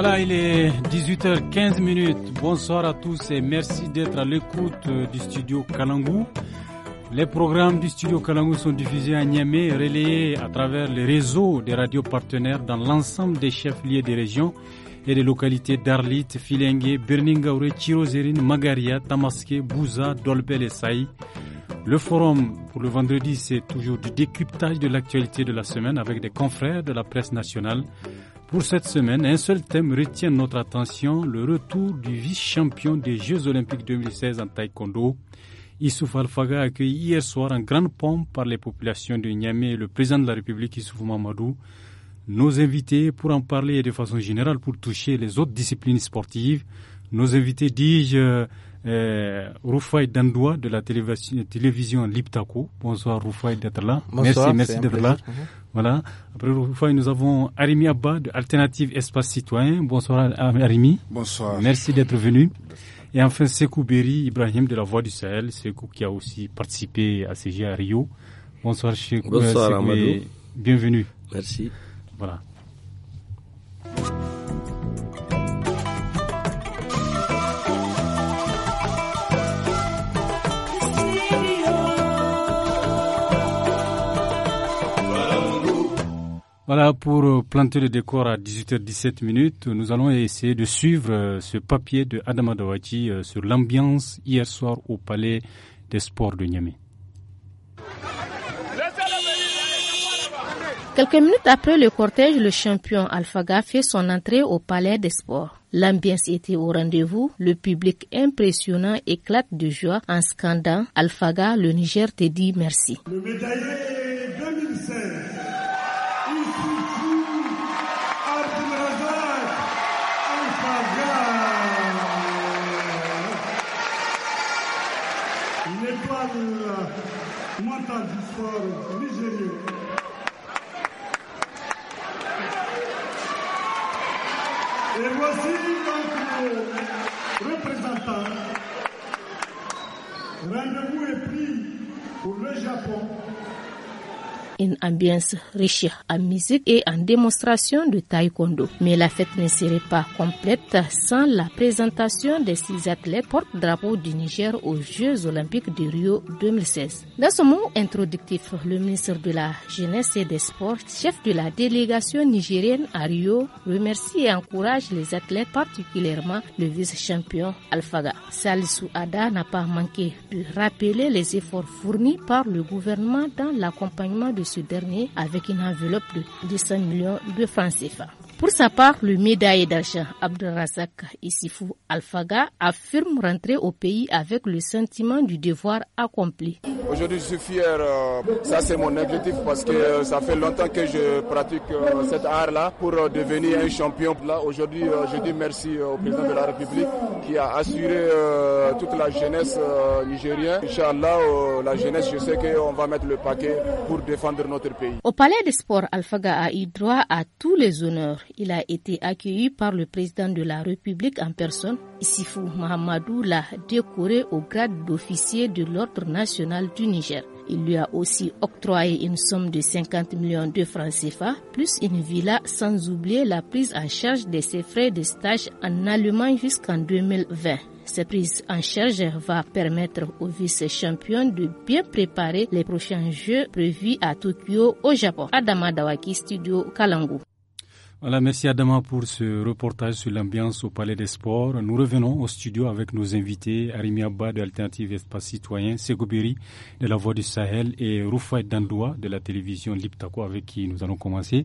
Voilà, il est 18h15 minutes. Bonsoir à tous et merci d'être à l'écoute euh, du studio Kalangou. Les programmes du studio Kalangou sont diffusés à Niamey, relayés à travers les réseaux des radios partenaires dans l'ensemble des chefs-lieux des régions et des localités d'Arlit, Filengue, Birningaure, Chirozérine, Magaria, Tamaské, Bouza, Dolbel et Saï. Le forum pour le vendredi, c'est toujours du décryptage de l'actualité de la semaine avec des confrères de la presse nationale. Pour cette semaine, un seul thème retient notre attention, le retour du vice-champion des Jeux olympiques 2016 en taekwondo. Issouf Alfaga accueilli hier soir en grande pompe par les populations de Niamey et le président de la République Issouf Mamadou. Nos invités pour en parler de façon générale pour toucher les autres disciplines sportives. Nos invités, dis-je, euh, euh, Dandoua de la télévision, télévision Liptako. Bonsoir Rufai d'être là. Bonsoir, merci merci d'être là. Voilà. Après fois, nous avons Arimi Abba de Alternative Espace Citoyen. Bonsoir Arimi. Bonsoir. Merci d'être venu. Et enfin, Sekou Berry Ibrahim de la Voix du Sahel, Sekou qui a aussi participé à CG à Rio. Bonsoir Sekou. Bonsoir Amadou. Bienvenue. Merci. Voilà. Voilà, pour euh, planter le décor à 18h17 minutes, nous allons essayer de suivre euh, ce papier de Adama Dawati euh, sur l'ambiance hier soir au Palais des Sports de Niamey. Quelques minutes après le cortège, le champion Alphaga fait son entrée au Palais des Sports. L'ambiance était au rendez-vous, le public impressionnant éclate de joie en scandant Alphaga, le Niger te dit merci. Le médaillé Et voici notre représentant. représentants. Rendez-vous et pris pour le Japon une ambiance riche en musique et en démonstration de taekwondo. Mais la fête ne serait pas complète sans la présentation des six athlètes porte-drapeau du Niger aux Jeux olympiques de Rio 2016. Dans ce mot introductif, le ministre de la Jeunesse et des Sports, chef de la délégation nigérienne à Rio, remercie et encourage les athlètes, particulièrement le vice-champion Alfaga. Salisu Ada n'a pas manqué de rappeler les efforts fournis par le gouvernement dans l'accompagnement de ce dernier avec une enveloppe de 100 millions de francs CFA. Pour sa part, le médaillé d'argent Abdelrazak Isifou Alfaga affirme rentrer au pays avec le sentiment du devoir accompli. Aujourd'hui, je suis fier. Euh, ça, c'est mon objectif parce que euh, ça fait longtemps que je pratique euh, cet art-là pour devenir un champion. Là, aujourd'hui, je dis merci au président de la République qui a assuré toute la jeunesse nigérienne. Inch'Allah, la jeunesse, je sais qu'on va mettre le paquet pour défendre notre pays. Au palais des sports, Alfaga a eu droit à tous les honneurs il a été accueilli par le président de la République en personne. Sifu Mahamadou l'a décoré au grade d'officier de l'Ordre national du Niger. Il lui a aussi octroyé une somme de 50 millions de francs CFA, plus une villa, sans oublier la prise en charge de ses frais de stage en Allemagne jusqu'en 2020. Cette prise en charge va permettre au vice champion de bien préparer les prochains Jeux prévus à Tokyo au Japon. Adama Dawaki, Studio Kalangu. Voilà, merci Adama pour ce reportage sur l'ambiance au Palais des Sports. Nous revenons au studio avec nos invités, Arimi Abba de Alternative Espace Citoyen, Segoberi de La Voix du Sahel et Rufai Dandoua de la télévision Liptako avec qui nous allons commencer.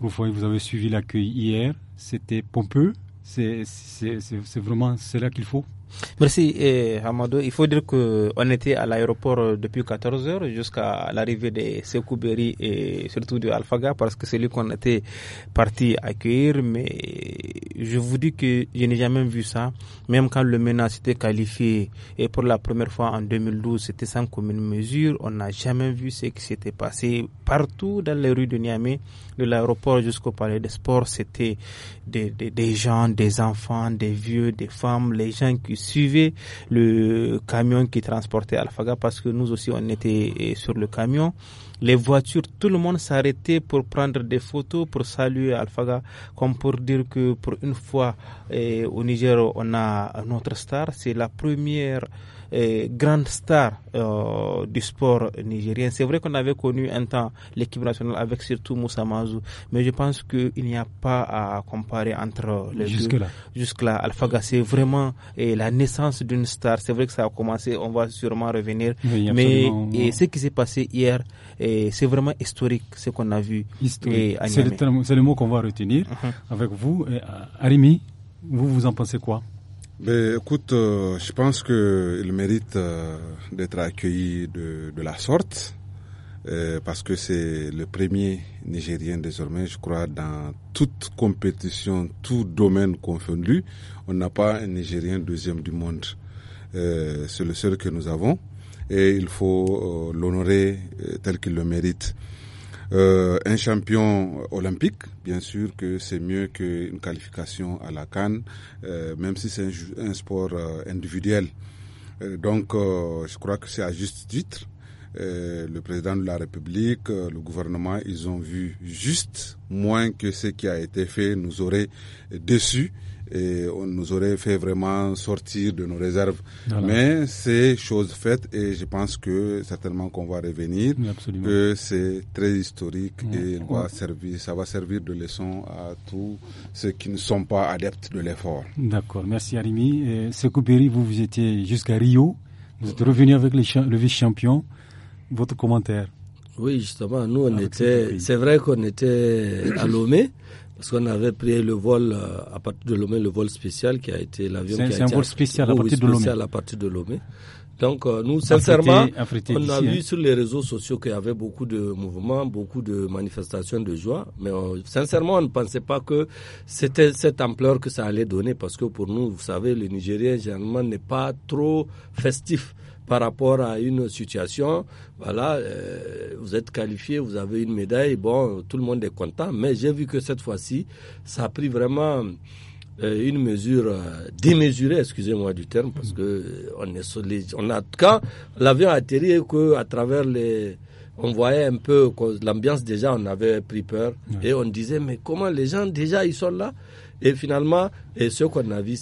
Rufai, vous avez suivi l'accueil hier, c'était pompeux, c'est vraiment cela qu'il faut Merci et eh, Amado. Il faut dire qu'on était à l'aéroport euh, depuis 14 heures jusqu'à l'arrivée des Sekou et surtout de Alphaga parce que c'est lui qu'on était parti accueillir. Mais je vous dis que je n'ai jamais vu ça. Même quand le ménage était qualifié et pour la première fois en 2012, c'était sans commune mesure. On n'a jamais vu ce qui s'était passé partout dans les rues de Niamey, de l'aéroport jusqu'au palais des sports. C'était des, des gens, des enfants, des vieux, des femmes, les gens qui suivait le camion qui transportait Alphaga parce que nous aussi on était eh, sur le camion. Les voitures, tout le monde s'arrêtait pour prendre des photos, pour saluer Alphaga, comme pour dire que pour une fois eh, au Niger on a notre star. C'est la première euh, grande star euh, du sport nigérien. C'est vrai qu'on avait connu un temps l'équipe nationale avec surtout Moussa Mazou, mais je pense qu'il n'y a pas à comparer entre les Jusque deux. Là. Jusque-là, Alpha c'est vraiment euh, la naissance d'une star. C'est vrai que ça a commencé, on va sûrement revenir. mais ce qui s'est passé hier, c'est vraiment historique ce qu'on a vu. C'est le, mot qu'on va retenir uh-huh. avec vous. Arimi, vous vous en pensez quoi écoute, euh, je pense qu'il mérite euh, d'être accueilli de, la sorte, euh, parce que c'est le premier Nigérien désormais, je crois, dans toute compétition, tout domaine confondu. On n'a pas un Nigérien deuxième du monde. c'est le seul que nous avons, et il faut l'honorer tel qu'il le mérite. Euh, un champion olympique, bien sûr que c'est mieux qu'une qualification à la Cannes, euh, même si c'est un, sport euh, individuel. donc, je crois que c'est à juste titre. le président de la République, le gouvernement, ils ont vu juste moins que ce qui a été fait nous aurait déçu et on nous aurait fait vraiment sortir de nos réserves. Mais c'est chose faite et je pense que certainement qu'on va revenir, que c'est très historique et Va servir, ça va servir de leçon à tous ceux qui ne sont pas adeptes de l'effort. D'accord, merci Arimi. Sekou vous, vous étiez jusqu'à Rio, vous êtes revenu avec le vice-champion. Votre commentaire oui, justement, nous, on ah, était, c'est vrai qu'on était à Lomé, parce qu'on avait pris le vol euh, à partir de Lomé, le vol spécial qui a été l'avion qui a été. spécial, à, partir de Lomé. Donc euh, nous, sincèrement, on a vu hein. sur les réseaux sociaux qu'il y avait beaucoup de mouvements, beaucoup de manifestations de joie, mais euh, sincèrement, on ne pensait pas que c'était cette ampleur que ça allait donner, parce que pour nous, vous savez, le Nigérien, généralement, n'est pas trop festif par rapport à une situation, voilà, euh, vous êtes qualifié, vous avez une médaille, bon, tout le monde est content, mais j'ai vu que cette fois-ci, ça a pris vraiment euh, une mesure euh, démesurée, excusez-moi du terme, parce que on est On a, quand l'avion a atterri et que à travers les on voyait un peu l'ambiance déjà, on avait pris peur. Et on disait, mais comment les gens déjà, ils sont là et finalement, et ce qu'on a vu,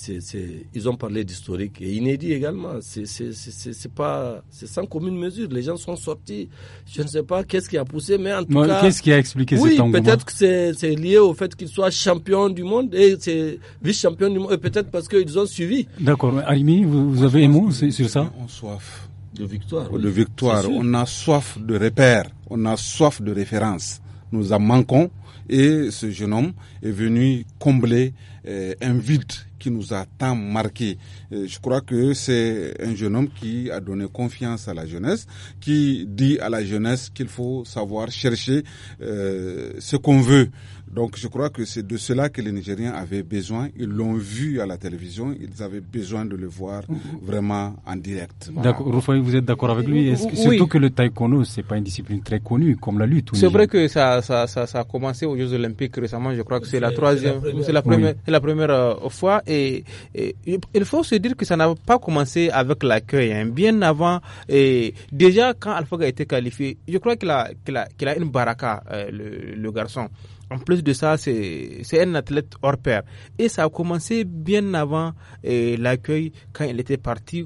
ils ont parlé d'historique et inédit également. C'est, c'est, pas, c'est sans commune mesure. Les gens sont sortis. Je ne sais pas qu'est-ce qui a poussé, mais en tout cas. Qu'est-ce qui a expliqué oui, cet engouement? Peut-être que c'est, lié au fait qu'ils soient champions du monde et vice-champions du monde. Et peut-être parce qu'ils ont suivi. D'accord. Arimi, vous, vous avez un mot sur ça? On soif. De victoire. victoire. On a soif de repères. On a soif de référence. Nous en manquons et ce jeune homme est venu combler euh, un vide qui nous a tant marqué. Euh, je crois que c'est un jeune homme qui a donné confiance à la jeunesse, qui dit à la jeunesse qu'il faut savoir chercher euh, ce qu'on veut. Donc je crois que c'est de cela que les Nigériens avaient besoin. Ils l'ont vu à la télévision, ils avaient besoin de le voir mhm. vraiment en direct. D'accord. vous êtes d'accord avec lui Surtout que le taekwondo, c'est pas une discipline très connue comme la lutte. C'est vrai que ça, ça, ça, ça, a commencé aux Jeux olympiques récemment, je crois que c'est la troisième, c'est la première, la première euh, fois. Et, il faut se dire que ça n'a pas commencé avec l'accueil. Hein. Bien avant, et déjà quand Alpha a été qualifié, je crois qu'il a, qu'il a, a, une baraka, euh, le garçon en plus de ça, c'est un athlète hors pair. Et ça a commencé bien avant eh, l'accueil quand il était parti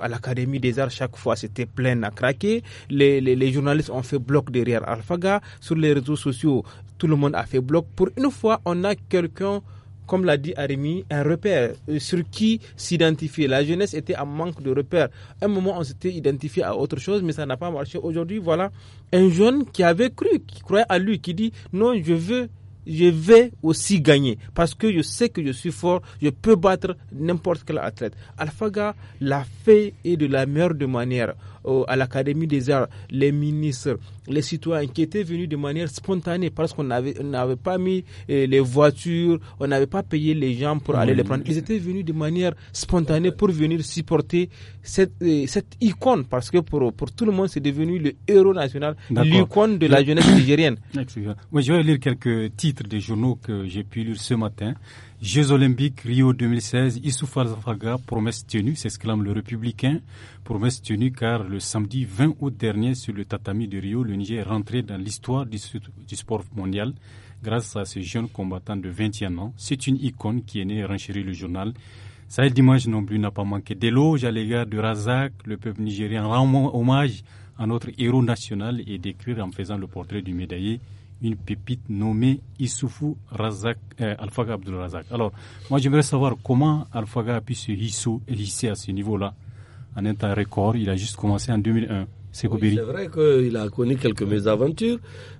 à l'Académie des Arts. Chaque fois, c'était plein à craquer. Les, les, les, journalistes ont fait bloc derrière Alphaga. Sur les réseaux sociaux, tout le monde a fait bloc. Pour une fois, on a quelqu'un comme l'a dit Arimi, un repère euh, sur qui s'identifier. La jeunesse était en manque de repères. un moment, on s'était identifié à autre chose, mais ça n'a pas marché. Aujourd'hui, voilà un jeune qui avait cru, qui croyait à lui, qui dit non, je veux je vais aussi gagner parce que je sais que je suis fort, je peux battre n'importe quel athlète. Alphaga l'a fait et de la meilleure de manière. Euh, à l'Académie des arts, les ministres, les citoyens qui étaient venus de manière spontanée parce qu'on n'avait pas mis euh, les voitures, on n'avait pas payé les gens pour aller les prendre. Ils étaient venus de manière spontanée pour venir supporter cette, euh, cette icône parce que pour, pour tout le monde, c'est devenu le héros national, l'icône de la jeunesse nigérienne. je vais lire quelques titres des journaux que j'ai pu lire ce matin. Jeux olympiques Rio 2016, Issouf Zafaga promesse tenue, s'exclame le républicain. Promesse tenue car le samedi 20 août dernier sur le tatami de Rio, le Niger est rentré dans l'histoire du, sport mondial grâce à ce jeune combattant de 21 ans. C'est une icône qui est née renchérit le journal. Saïd dimanche non plus n'a pas manqué d'éloges à l'égard de Razak. Le peuple nigérien rend hommage à notre héros national et décrire en faisant le portrait du médaillé une pépite nommée Issoufou Razak, al euh, Alphaga Razak. Alors, moi, j'aimerais savoir comment Alphaga a pu se hisser à ce niveau-là en un temps record. Il a juste commencé en 2001. C'est vrai qu'il a connu quelques mésaventures.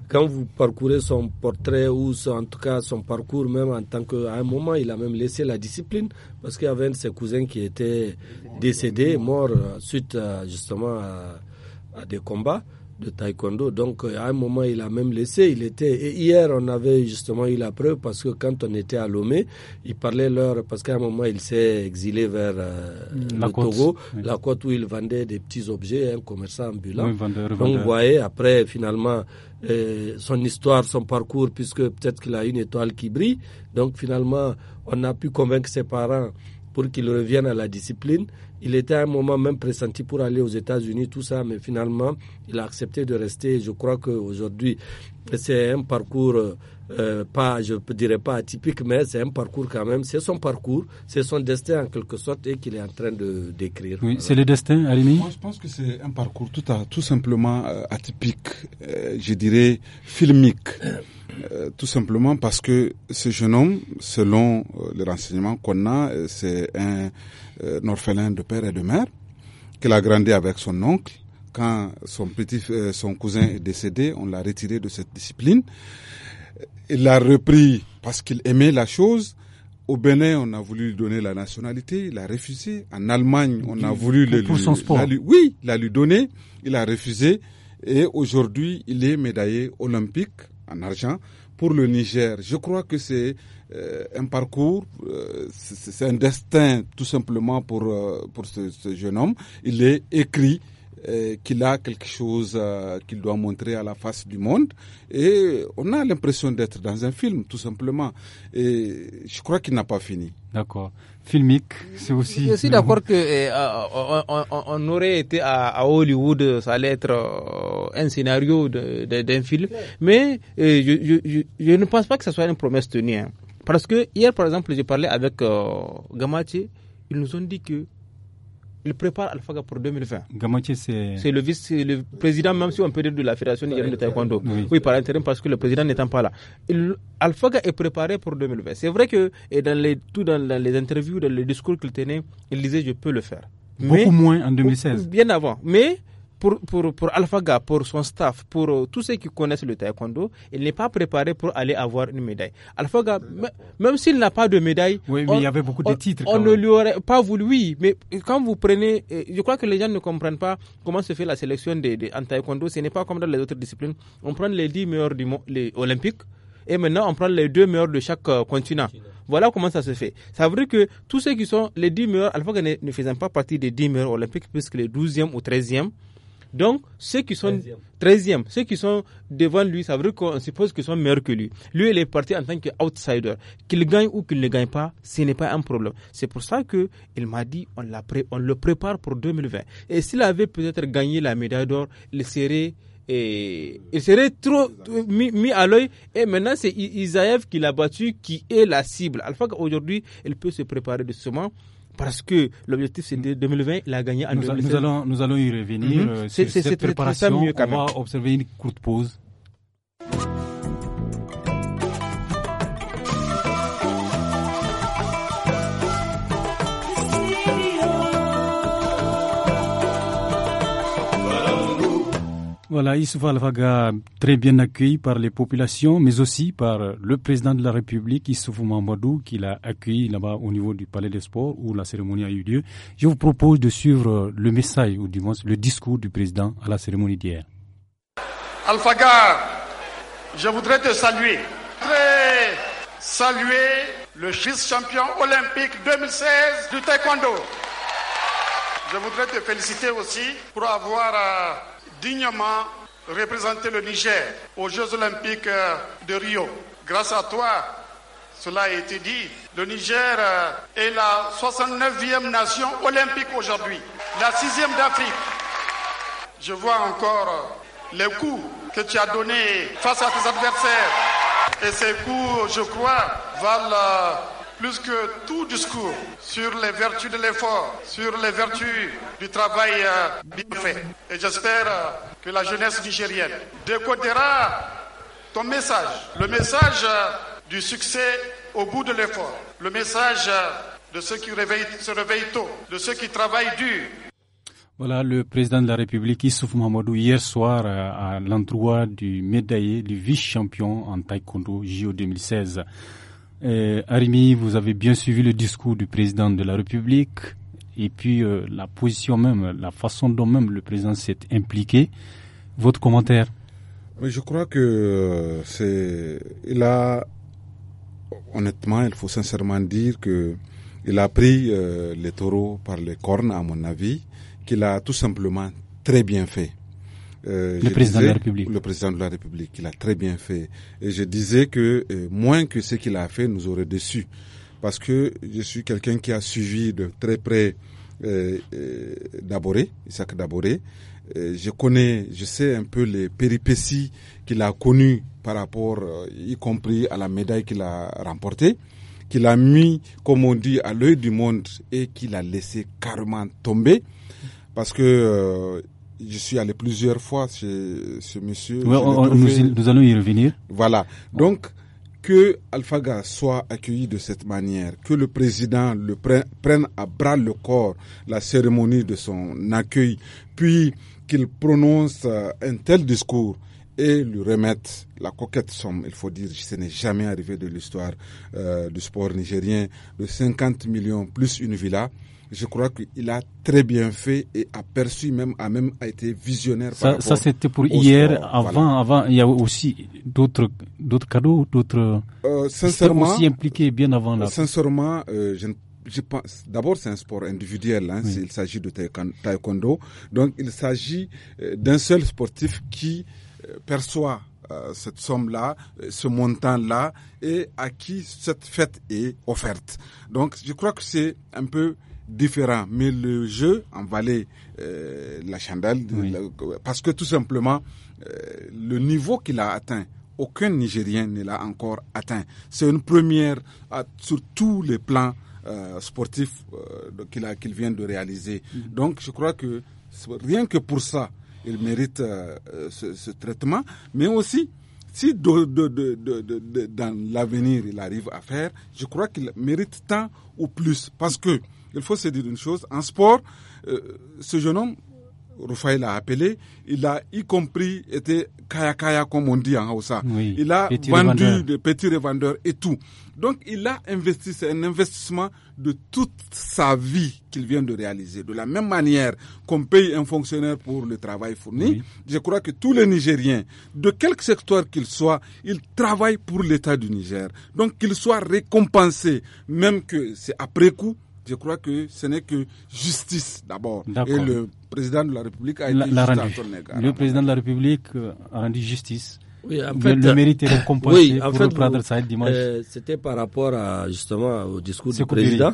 Quand vous parcourez son portrait ou en tout cas son parcours, même en tant qu'à un moment, il a même laissé la discipline parce qu'il y avait un de ses cousins qui était décédé, mort suite euh, justement à des combats de taekwondo. Donc euh, à un moment, il a même laissé. Il était et hier, on avait justement eu la preuve parce que quand on était à Lomé, il parlait leur parce qu'à un moment, il s'est exilé vers euh, mm, la côte, Togo, la côte où il vendait des petits objets, un commerçant ambulant. Donc vous voyez, après finalement. Euh, son histoire, son parcours, puisque peut-être qu'il a une étoile qui brille. Donc finalement, on a pu convaincre ses parents pour qu'ils reviennent à la discipline. Il était à un moment même pressenti pour aller aux États-Unis, tout ça, mais finalement, il a accepté de rester. Je crois qu'aujourd'hui, c'est un parcours, euh, pas, je ne dirais pas atypique, mais c'est un parcours quand même. C'est son parcours, c'est son destin en quelque sorte et qu'il est en train de décrire. Oui, c'est le destin, Alimi Moi, je pense que c'est un parcours tout, à, tout simplement euh, atypique, euh, je dirais filmique. Euh, tout simplement parce que ce jeune homme, selon euh, les renseignements qu'on a, euh, c'est un, orphelin de père et de mère, qu'il a grandi avec son oncle. Quand son petit, son cousin est décédé, on l'a retiré de cette discipline. Il l'a repris parce qu'il aimait la chose. Au Bénin, on a voulu lui donner la nationalité, il a refusé. En Allemagne, on a voulu le, son lui, oui, la lui donner, il a refusé. Et aujourd'hui, il est médaillé olympique en argent pour le Niger. Je crois que c'est euh, un parcours, euh, c'est un destin tout simplement pour, euh, pour ce, jeune homme. Il est écrit euh, qu'il a quelque chose euh, qu'il doit montrer à la face du monde. Et on a l'impression d'être dans un film, tout simplement. Et je crois qu'il n'a pas fini. D'accord. Filmique, c'est aussi. Je suis d'accord que euh, on, aurait été à, Hollywood, ça allait être un scénario d'un film, mais je, je, je, ne pense pas que ce soit une promesse tenue. Hein. Parce que hier, par exemple, j'ai parlé avec Gamache ils nous ont dit que il prépare Alphaga pour 2020. c'est. C'est le vice, le président, même si on peut dire de la Fédération de Taekwondo. Oui. par intérim, parce que le président n'étant pas là. Alfaga Alphaga est préparé pour 2020. C'est vrai que, et dans les, tout dans, les interviews, dans les discours qu'il tenait, il disait je peux le faire. Beaucoup moins en 2016. Bien avant. Mais pour, pour, pour AlphaGa, pour son staff, pour tous ceux qui connaissent le taekwondo, il n'est pas préparé pour aller avoir une médaille. AlphaGa, euh, même s'il n'a pas de médaille, on, il y avait beaucoup de titres. On, ne lui aurait pas voulu, mais quand vous prenez, euh, je crois que les gens ne comprennent pas comment se fait la sélection des, en taekwondo. Ce n'est pas comme dans les autres disciplines. On prend les 10 meilleurs du monde, les olympiques, et maintenant on prend les 2 meilleurs de chaque euh, continent. Voilà comment ça se fait. Ça veut dire que tous ceux qui sont les 10 meilleurs, AlphaGa ne, ne faisaient pas partie des 10 meilleurs olympiques, puisque les 12e ou 13e donc, ceux qui sont 13e, ceux qui sont devant lui, ça veut dire qu'on suppose qu'ils sont meilleurs que lui. Lui, il est parti en tant qu'outsider. Qu'il gagne ou qu'il ne gagne pas, ce n'est pas un problème. C'est pour ça que il m'a dit on, on le prépare pour 2020. Et s'il avait peut-être gagné la médaille d'or, il serait et il serait trop mis, à l'œil. Et maintenant, c'est Isaïev qui l'a battu, qui est la cible. Alpha, aujourd'hui, il peut se préparer de ce moment parce que l'objectif c'est de 2020, il a gagné nous, Nous allons, nous allons y revenir mhm. euh, C'est cette préparation. Mieux quand On va observer une courte pause. Voilà, Issouf Alfaga, très bien accueilli par les populations, mais aussi par le président de la République, Issoufou Mamadou, qui l'a accueilli là-bas au niveau du Palais des Sports, où la cérémonie a eu lieu. Je vous propose de suivre le message, ou du moins le discours du président à la cérémonie d'hier. al je voudrais te saluer. Très saluer le fils champion olympique 2016 du taekwondo. Je voudrais te féliciter aussi pour avoir... Euh, dignement représenter le Niger aux Jeux olympiques euh, de Rio. Grâce à toi, cela a été dit, le Niger euh, est la 69e nation olympique aujourd'hui, la 6e d'Afrique. Je vois encore euh, les coups que tu as donnés face à tes adversaires. Et ces coups, je crois, valent plus que tout discours sur les vertus de l'effort, sur les vertus du travail euh, bien fait. Et j'espère euh, que la jeunesse nigérienne décodera ton message, le message euh, du succès au bout de l'effort, le message de ceux qui se réveillent tôt, de ceux qui travaillent dur, voilà, le président de la République, Issouf Mamadou, hier soir, à l'endroit du médaillé, du vice-champion en taekwondo JO 2016. Euh, Arimi, vous avez bien suivi le discours du président de la République et puis euh, la position même, la façon dont même le président s'est impliqué. Votre commentaire je crois que euh, c'est. Il a. Honnêtement, il faut sincèrement dire que il a pris les taureaux par les cornes, à mon avis, qu'il a tout simplement très bien fait. Euh, le président de la République. Le président de la République, il a très bien fait. Et je disais que euh, moins que ce qu'il a fait nous aurait déçu Parce que je suis quelqu'un qui a suivi de très près euh, euh Daboré, Isaac Daboré. je connais, je sais un peu les péripéties qu'il a connues par rapport, y compris à la médaille qu'il a remportée qu'il a mis, comme on dit, à l'œil du monde et qu'il a laissé carrément tomber parce que je suis allé plusieurs fois chez ce monsieur. nous, allons y revenir. Voilà. Donc, que Alphaga soit accueilli de cette manière, que le président le prenne, à bras le corps la cérémonie de son accueil, puis qu'il prononce euh, un tel discours et lui remette la coquette somme, il faut dire, ce n'est jamais arrivé de l'histoire euh, du sport nigérien, de 50 millions plus une villa je crois qu'il a très bien fait et a perçu même, a même a été visionnaire. Ça, ça c'était pour hier. avant, avant, il y a aussi d'autres, d'autres cadeaux, d'autres. Euh, sincèrement, aussi impliqué bien avant là. Sincèrement, euh, je pense, d'abord, c'est un sport individuel. Hein, Il s'agit de taekwondo. Donc, il s'agit euh, d'un seul sportif qui euh, perçoit cette somme-là, ce montant-là, et à qui cette fête est offerte. Donc, je crois que c'est un peu différent. Mais le jeu en valait euh, la chandelle, parce que tout simplement, euh, le niveau qu'il a atteint, aucun Nigérien ne l'a encore atteint. C'est une première euh, sur tous les plans sportifs qu'il vient de réaliser. Mhm. Donc je crois que rien que pour ça, il mérite ce, traitement, mais aussi si dans l'avenir il arrive à faire, je crois qu'il mérite tant ou plus. Parce que il faut se dire une chose, en sport, euh, ce jeune homme, Rufai l'a appelé, il a y compris été kaya comme on dit en Hausa. il a vendu des petits revendeurs et tout. Donc il a investi, c'est un investissement de toute sa vie qu'il vient de réaliser. De la même manière qu'on paye un fonctionnaire pour le travail fourni, je crois que tous les Nigériens, de quelque secteur qu'ils soient, ils travaillent pour l'État du Niger. Donc qu'ils soient récompensés, même que c'est après coup, je crois que ce n'est que justice d'abord. Et le président de la République a été Le président de la République euh, a rendu justice. Oui, en fait, le mérite est récompensé pour fait, dimanche. Euh, c'était par rapport à, justement au discours du président.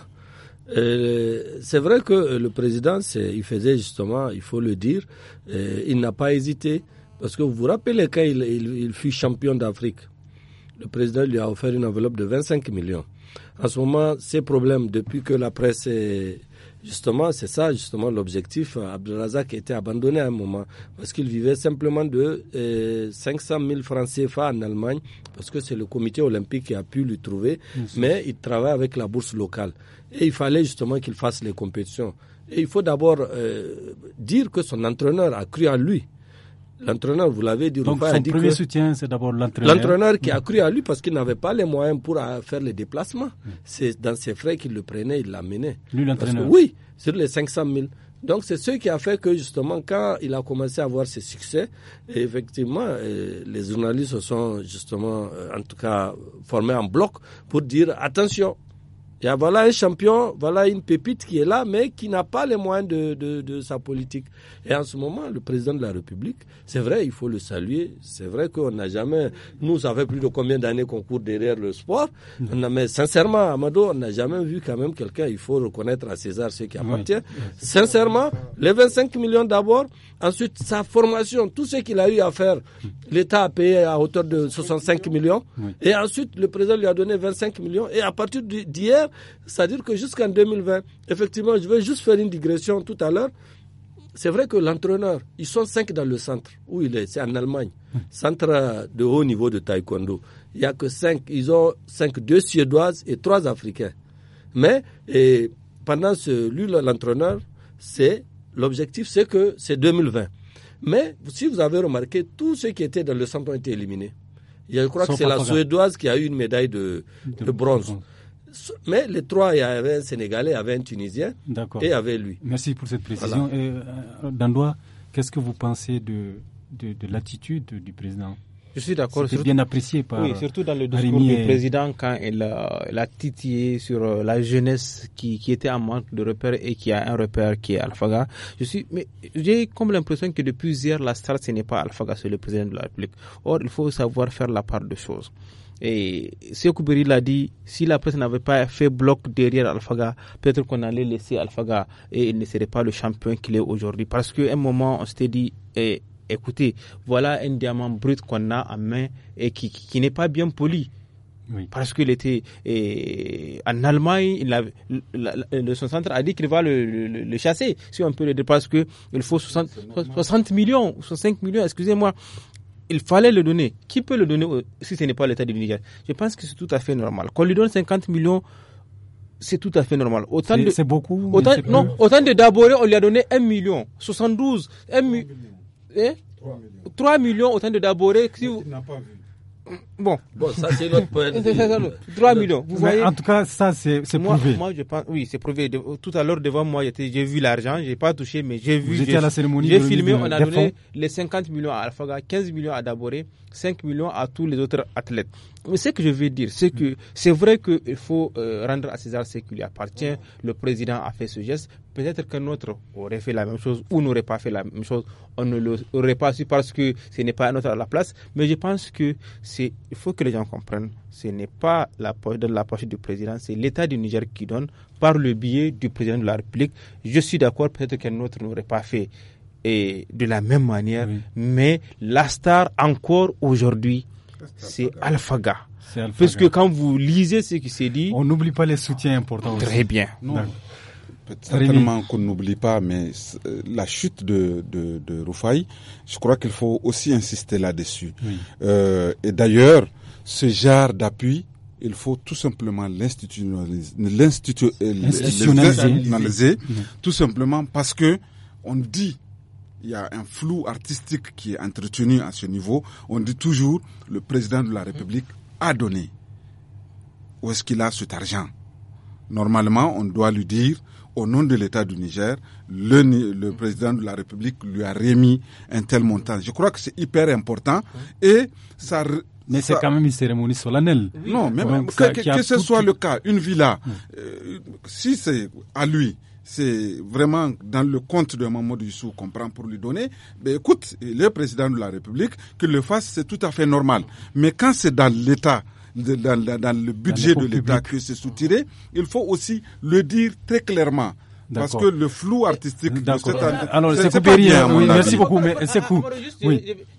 Euh, c'est vrai que le président, il faisait justement, il faut le dire, il n'a pas hésité. Parce que vous vous rappelez quand il, il fut champion d'Afrique, le président lui a offert une enveloppe de 25 millions. En ce moment, ces problèmes, depuis que la presse est Justement, c'est ça, justement, l'objectif. Euh, Abdelazak était abandonné à un moment parce qu'il vivait simplement de 500 euh, 000 francs CFA en Allemagne parce que c'est le comité olympique qui a pu lui trouver. Mais il travaille avec la bourse locale. Et il fallait justement qu'il fasse les compétitions. Et il faut d'abord euh, dire que son entraîneur a cru en lui. L'entraîneur, vous l'avez dit, Donc son premier soutien, c'est d'abord l'entraîneur. L'entraîneur qui a cru à lui parce qu'il n'avait pas les moyens pour euh, faire les déplacements. Mm. C'est dans ses frais qu'il le prenait, il l'amenait. Lui, l'entraîneur Oui, sur les 500 000. Donc c'est ce qui a fait que justement quand il a commencé à avoir ses succès, effectivement euh, les journalistes se sont justement euh, en tout cas formés en bloc pour dire attention, voilà un champion, voilà une pépite qui est là, mais qui n'a pas les moyens de, de, sa politique. Et en ce moment, le président de la République, c'est vrai, il faut le saluer. C'est vrai qu'on n'a jamais, nous, ça fait plus de combien d'années qu'on court derrière le sport. Mm. mais sincèrement, Amado, on n'a jamais vu quand même quelqu'un, il faut reconnaître à César ce qui appartient. Sincèrement, les 25 millions d'abord, Ensuite, sa formation, tout ce qu'il a eu à faire, l'État a payé à hauteur de 65 millions. Et ensuite, le président lui a donné 25 millions. Et à partir d'hier, c'est-à-dire que jusqu'en 2020, effectivement, je vais juste faire une digression tout à l'heure. C'est vrai que l'entraîneur, ils sont cinq dans le centre où il est, c'est en Allemagne, centre euh, de haut niveau de taekwondo. Il n'y a que cinq, ils ont cinq, deux Suédoises et trois Africains. Mais et pendant ce lui, l'entraîneur, c'est L'objectif, c'est que c'est 2020. Mais si vous avez remarqué, tous ceux qui étaient dans le centre ont été éliminés. Je crois que c'est la Suédoise qui a eu une médaille de, bronze. Mais les trois, il y avait un Sénégalais, il y avait un Tunisien et il y avait lui. Merci pour cette précision. Euh, Dandois, qu'est-ce que vous pensez de l'attitude du président je suis d'accord. C'est bien apprécié par. Oui, surtout dans le discours du président quand euh, il a, titillé sur euh, la jeunesse qui, était en manque de repères et qui a un repère qui est Alphaga. Je suis, mais j'ai comme l'impression que depuis hier, la star, ce n'est pas Alphaga, c'est le président de la République. Or, il faut savoir faire la part de choses. Et Sekou l'a dit, si la presse n'avait pas fait bloc derrière AlphaGa, peut-être qu'on allait laisser AlphaGa et il ne serait pas le champion qu'il est aujourd'hui. Parce qu'à un moment, on s'était dit, et eh, écoutez, voilà un diamant brut qu'on a en main et qui, qui, n'est pas bien poli. Parce qu'il était en Allemagne, il son centre a dit qu'il va le, le, chasser, si on peut le dire, parce qu'il faut 60, 60 millions, 65 millions, excusez-moi. Il fallait le donner. Qui peut le donner si ce n'est pas l'État du Je pense que c'est tout à fait normal. Qu'on lui donne 50 millions, c'est tout à fait normal. Autant de, beaucoup. Autant, non, autant de d'abord on lui a donné 1 million, 72, 1 3, eh? millions. autant de d'aborder. Si vous... pas vu. Bon. bon. ça c'est notre point. 3 millions. Vous voyez en tout cas, ça c'est prouvé. Moi, oui, c'est prouvé. tout à l'heure devant moi, j'ai vu l'argent, j'ai pas touché, mais j'ai vu. J'étais à la cérémonie. J'ai filmé, on a donné les 50 millions à Alphaga, 15 millions à Daboré, 5 millions à tous les autres athlètes. Mais ce que je veux dire, c'est que hmm. c'est vrai qu'il faut euh, rendre à César ce qui lui appartient. Hmm. Le président a fait ce geste. Peut-être qu'un autre aurait fait la même chose ou n'aurait pas fait la même chose. On ne l'aurait pas su parce que ce n'est pas un autre à la place. Mais je pense que c'est, faut que les gens comprennent. Ce n'est pas la poche la poche du président, c'est l'État du Niger qui donne par le biais du président de la République. Je suis d'accord, peut-être qu'un autre n'aurait pas fait et de la même manière, mais la star encore aujourd'hui, c'est AlphaGa. puisque Parce que quand vous lisez ce qui s'est dit... On n'oublie pas les soutiens importants. Très bien. Certainement qu'on n'oublie pas, mais euh, la chute de, de, de je crois qu'il faut aussi insister là-dessus. Euh, et d'ailleurs, ce genre d'appui, il faut tout simplement l'institutionnaliser, euh, tout simplement parce que on dit il y a un flou artistique qui est entretenu à ce niveau. On dit toujours, le président de la République a donné. Où est-ce qu'il a cet argent Normalement, on doit lui dire, au nom de l'État du Niger, le, président de la République lui a remis un tel montant. Je crois que c'est hyper important et ça... Mais c'est quand même une cérémonie solennelle. Non, même, que, que, ce soit le cas, une villa, euh, si c'est à lui, c'est vraiment dans le compte de Mamadou Issou qu'on prend pour lui donner. Mais écoute, le président de la République, qu'il le fasse, c'est tout à fait normal. Mais quand c'est dans l'État, dans, le budget de l'État que c'est soutiré, il faut aussi le dire très clairement. Parce que le flou artistique de cette Alors, c'est oui, merci beaucoup, mais c'est cool.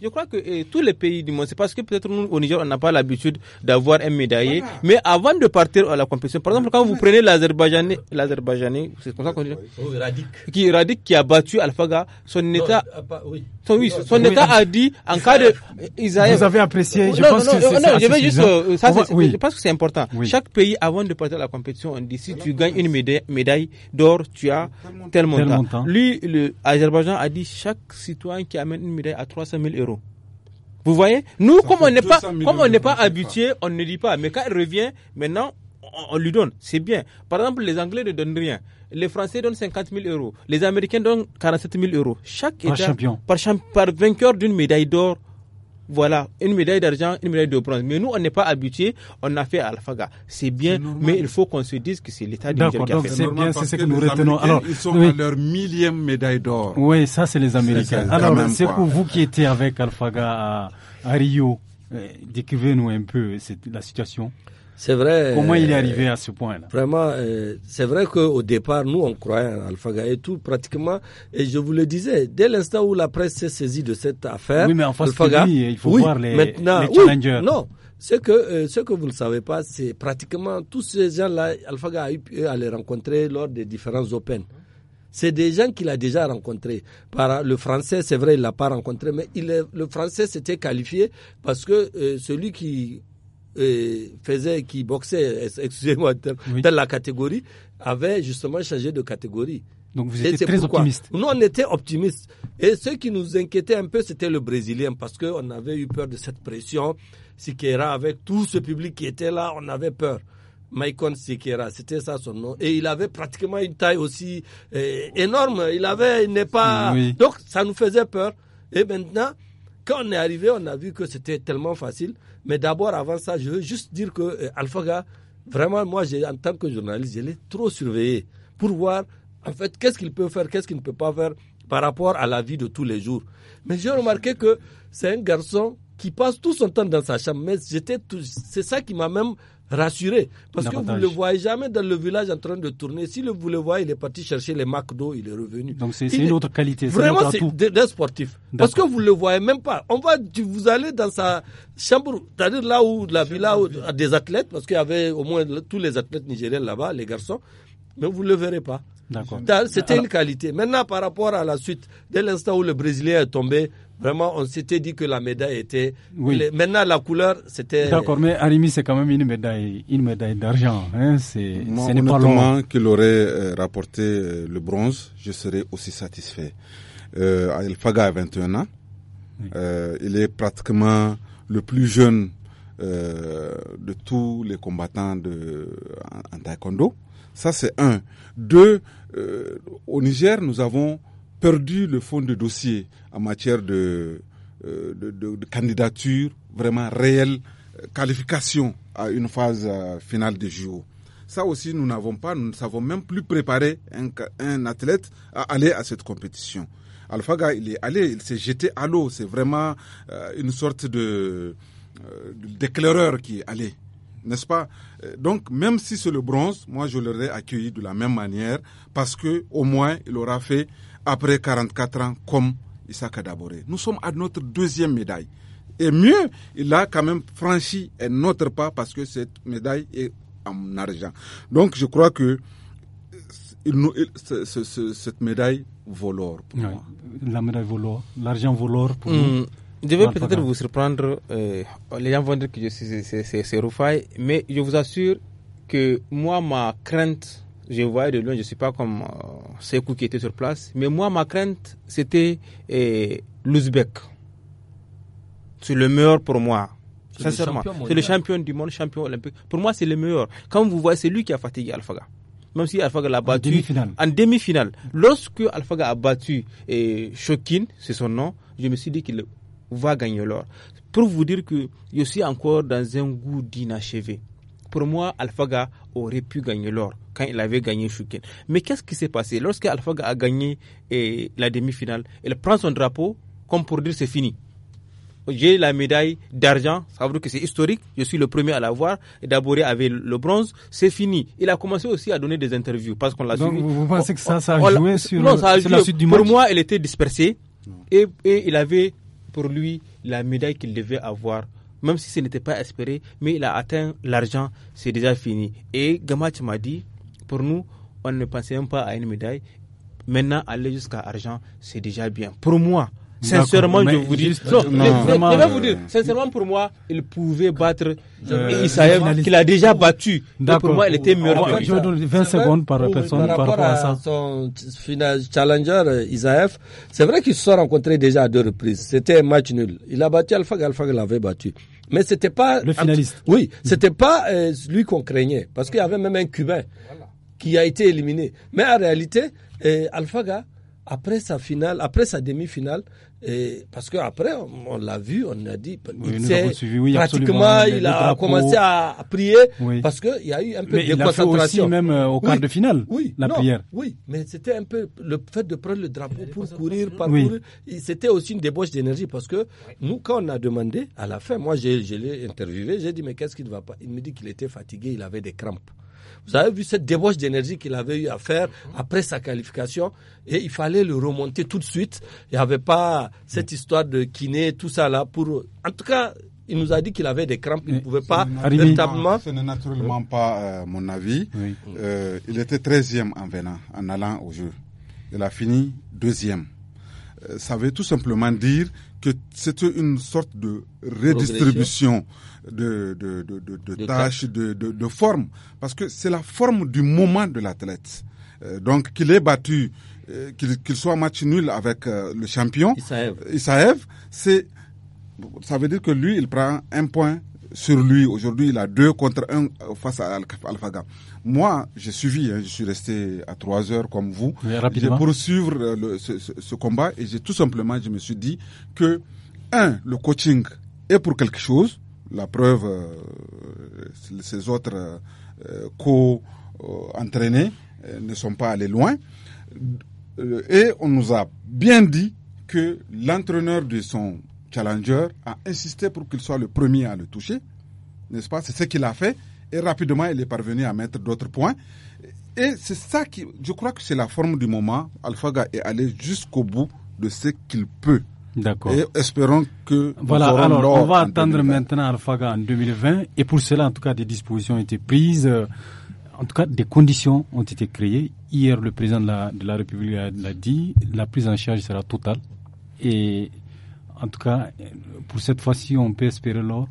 Je, crois que eh, tous les pays du monde, c'est parce que peut-être nous, au Niger, on n'a pas l'habitude d'avoir un médaillé. Mais avant de partir à la compétition, par exemple, quand vous prenez l'Azerbaïdjanais, l'Azerbaïdjanais, c'est comme ça qu'on dit, qui, Radic qui a battu Alphaga, son état. Ah, son, oui, son État a dit en cas de Vous avez apprécié. Je pense que c'est important. Chaque pays, avant de partir à la compétition, on dit si tu gagnes une médaille, d'or, tu as tel montant. Lui, l'Azerbaïdjan a dit chaque citoyen qui amène une médaille à 300 000 euros. Vous voyez, nous, comme on n'est pas, comme on n'est pas habitué, on ne dit pas. Mais quand il revient, maintenant, on lui donne. C'est bien. Par exemple, les Anglais ne donnent rien les Français donnent 50 000 euros, les Américains donnent 47 000 euros. Chaque par champion. Par, vainqueur d'une médaille d'or, voilà, une médaille d'argent, une médaille de bronze. Mais nous, on n'est pas habitué, on a fait Alphaga. C'est bien, mais il faut qu'on se dise que c'est l'État du Niger qui a fait. C'est bien, c'est ce que, nous retenons. Alors, ils sont à leur millième médaille d'or. Oui, ça, c'est les Américains. Alors, c'est pour vous qui étiez avec Alphaga à, à Rio, euh, décrivez-nous un peu cette, la situation. C'est vrai. Comment il est euh, arrivé à ce point-là Vraiment, euh, c'est vrai qu'au départ, nous, on croyait en Alphaga et tout, pratiquement. Et je vous le disais, dès l'instant où la presse s'est saisie de cette affaire. Oui, mais en face il faut voir les, maintenant, challengers. non. Ce que, euh, ce que vous ne savez pas, c'est pratiquement tous ces gens-là, Alphaga a eu à les rencontrer lors des différents Open. C'est des gens qu'il a déjà rencontrés. Par le français, c'est vrai, il l'a pas rencontré, mais il le français s'était qualifié parce que celui qui euh, faisait, qui boxait, excusez-moi, dans la catégorie, avait justement changé de catégorie. Donc vous étiez très optimiste. Nous, on était optimiste Et ce qui nous inquiétait un peu, c'était le Brésilien, parce qu'on avait eu peur de cette pression. Siqueira, avec tout ce public qui était là, on avait peur. Maicon Siqueira, c'était ça son nom. Et il avait pratiquement une taille aussi euh, énorme. Il avait, il n'est pas. Donc ça nous faisait peur. Et maintenant, quand on est arrivé, on a vu que c'était tellement facile. Mais d'abord, avant ça, je veux juste dire que euh, vraiment, moi, en tant que journaliste, je l'ai trop surveillé pour voir, en fait, qu'est-ce qu'il peut faire, qu'est-ce qu'il ne peut pas faire par rapport à la vie de tous les jours. Mais j'ai remarqué que c'est un garçon qui passe tout son temps dans sa chambre. Mais j'étais, c'est ça qui m'a même rassuré. Parce que vous ne le voyez jamais dans le village en train de tourner. Si vous le voyez, il est parti chercher les McDo, il est revenu. Donc c'est une autre qualité. Vraiment, c'est d'un sportif. Parce que vous ne le voyez même pas. On va, vous allez dans sa chambre, c'est-à-dire là où la villa a des athlètes, parce qu'il y avait au moins tous les athlètes nigériens là-bas, les garçons, mais vous ne le verrez pas. C'était une qualité. Maintenant, par rapport à la suite, dès l'instant où le Brésilien est tombé, Vraiment, on s'était dit que la médaille était. Oui. Maintenant, la couleur, c'était. D'accord, mais Arimi, c'est quand même une médaille, une médaille d'argent. Hein, c'est, ce qu'il aurait euh, rapporté euh, le bronze, je serais aussi satisfait. Euh, El Faga a 21 ans. Euh, il est pratiquement le plus jeune de tous les combattants de, en taekwondo. Ça, c'est un. Deux, au Niger, nous avons perdu le fond de dossier en matière de, euh, de, candidature vraiment réelle, euh, qualification à une phase euh, finale des JO. Ça aussi, nous n'avons pas, nous ne savons même plus préparer un, athlète à aller à cette compétition. Alphaga, il est allé, il s'est jeté à l'eau. C'est vraiment une sorte de d'éclaireur qui est allé, n'est-ce pas Donc, même si c'est le bronze, moi je l'aurais accueilli de la même manière parce que au moins il aura fait après 44 ans comme Issa Daboré. Nous sommes à notre deuxième médaille. Et mieux, il a quand même franchi un autre pas parce que cette médaille est en argent. Donc je crois que il nous, cette médaille vaut l'or. la médaille vaut l'or, l'argent vaut l'or pour nous. Hmm. Je vais peut-être vous surprendre. Euh, les gens vont dire que je c'est Rufai, mais je vous assure que moi, ma crainte je voyais de loin, je ne sais pas comment euh, c'est ces qui était sur place. Mais moi, ma crainte, c'était eh, l'Ouzbek. C'est le meilleur pour moi. Sincèrement. C'est le champion du monde, champion olympique. Pour moi, c'est le meilleur. Comme vous voyez, c'est lui qui a fatigué Alphaga. Même si Alphaga l'a battu. Demi en demi-finale. Lorsque Alphaga a battu Shokin, eh, c'est son nom, je me suis dit qu'il va gagner l'or. Pour vous dire que je suis encore dans un goût d'inachevé. Pour moi, Alphaga aurait pu gagner l'or quand il avait gagné Shuken. Mais qu'est-ce qui s'est passé Lorsque Alphaga a gagné eh, la demi-finale, elle prend son drapeau comme pour dire c'est fini. J'ai la médaille d'argent, ça veut dire que c'est historique, je suis le premier à l'avoir. D'abord avec le bronze, c'est fini. Il a commencé aussi à donner des interviews parce qu'on l'a suivi. Vous pensez que ça, ça a joué sur, non, ça a la suite du match Pour moi, elle était dispersée et, et il avait pour lui la médaille qu'il devait avoir même si ce n'était pas espéré, mais il a atteint l'argent, c'est déjà fini. Et Gamache m'a dit, pour nous, on ne pensait même pas à une médaille. Maintenant, aller jusqu'à argent, c'est déjà bien. Pour moi, Sincèrement, je vous dis. Non, je vais vous euh, dire, sincèrement, pour moi, il pouvait battre euh, Isaïev, qu'il a déjà battu. Pour moi, il était meilleur. Je vais donner 20 secondes par personne par rapport à ça. Son challenger, euh, Isaïev, c'est vrai qu'ils se sont rencontrés déjà à deux reprises. C'était un match nul. Il a battu Alpha, Alpha l'avait battu mais c'était pas le finaliste. Oui, c'était pas lui qu'on craignait parce qu'il y avait même un Cubain qui a été éliminé. Mais en réalité, euh, après sa finale, après sa demi-finale, parce qu'après, on, on l'a vu, on a dit, il s'est pratiquement, il a commencé à, prier parce parce qu'il y a eu un peu mais de il A fait aussi même euh, au quart de finale, la prière. Oui, mais c'était un peu le fait de prendre le drapeau pour courir, parcourir. C'était aussi une débauche d'énergie parce que nous, quand on a demandé à la fin, moi, je, je l'ai interviewé, j'ai dit, mais qu'est-ce qui ne va pas Il me dit qu'il était fatigué, il avait des crampes. Vous avez vu cette débauche d'énergie qu'il avait eu à faire après sa qualification et il fallait le remonter tout de suite. Il n'y avait pas cette histoire de kiné, tout ça là pour. En tout cas, il nous a dit qu'il avait des crampes, il ne pouvait pas véritablement. Ce n'est naturellement pas euh, mon avis. Euh, il était 13e en venant, en allant au jeu. Il a fini deuxième. e ça veut tout simplement dire que c'était une sorte de redistribution de, de, de, tâches, de, de, formes, parce que c'est la forme du moment de l'athlète. Euh, donc qu'il ait battu, euh, qu'il soit match nul avec euh, le champion, Issaev, c'est ça veut dire que lui, il prend un point sur lui. Aujourd'hui, il a deux contre un euh, face à Alpha Moi, j'ai suivi, hein, je suis resté à trois heures comme vous. pour suivre euh, ce, combat et j'ai tout simplement, je me suis dit que, un, le coaching est pour quelque chose. La preuve, euh, ces autres co-entraînés ne sont pas allés loin. Et on nous a bien dit que l'entraîneur de son challenger a insisté pour qu'il soit le premier à le toucher, n'est-ce pas C'est ce qu'il a fait et rapidement il est parvenu à mettre d'autres points. Et c'est ça qui, je crois que c'est la forme du moment. Alphaga est allé jusqu'au bout de ce qu'il peut. D'accord. Et espérons que. Voilà, alors on va attendre maintenant Alphaga en 2020. Et pour cela, en tout cas, des dispositions ont été prises. En tout cas, des conditions ont été créées. Hier, le président de la, de la République l'a dit. La prise en charge sera totale. Et en tout cas, pour cette fois-ci, on peut espérer l'or.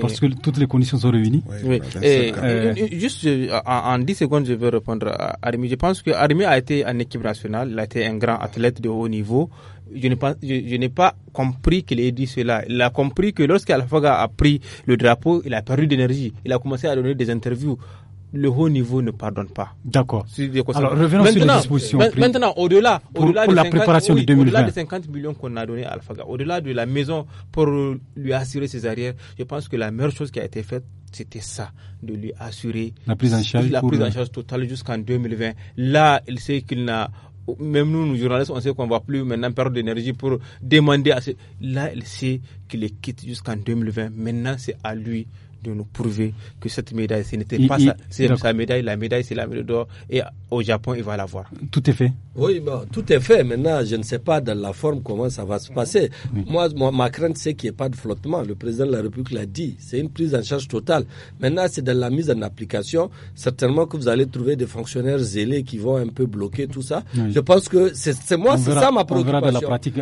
Parce que toutes les conditions sont réunies. Oui, Et, euh, juste en, 10 secondes, je vais répondre à Armi. Je pense que a été en équipe nationale, il a été un grand athlète de haut niveau. Je n'ai pas, je, n'ai pas compris qu'il ait dit cela. Il a compris que lorsqu'Alfaga a pris le drapeau, il a perdu d'énergie. Il a commencé à donner des interviews le haut niveau ne pardonne pas. D'accord. Alors revenons maintenant, sur les dispositions. maintenant, au-delà, de la préparation de 2020. Au-delà des 50 millions qu'on a donnés à Alphaga, au-delà de la maison pour lui assurer ses arrières, je pense que la meilleure chose qui a été faite, c'était ça, de lui assurer la prise en charge, totale jusqu'en 2020. Là, il sait qu'il n'a même nous, nous journalistes, on sait qu'on ne va plus maintenant perdre d'énergie pour demander à ce... Là, il sait qu'il est quitte jusqu'en 2020. Maintenant, c'est à lui de nous prouver que cette médaille, ce n'était pas ça. sa, la médaille. La médaille, c'est la médaille d'or. Et au Japon, il va l'avoir. Tout est fait. Oui, bah, tout est fait. Maintenant, je ne sais pas dans la forme comment ça va se passer. Moi, ma crainte, c'est qu'il n'y ait pas de flottement. Le président de la République l'a dit. C'est une prise en charge totale. Maintenant, c'est dans la mise en application. Certainement que vous allez trouver des fonctionnaires zélés qui vont un peu bloquer tout ça. Je pense que c'est moi, c'est ça ma préoccupation.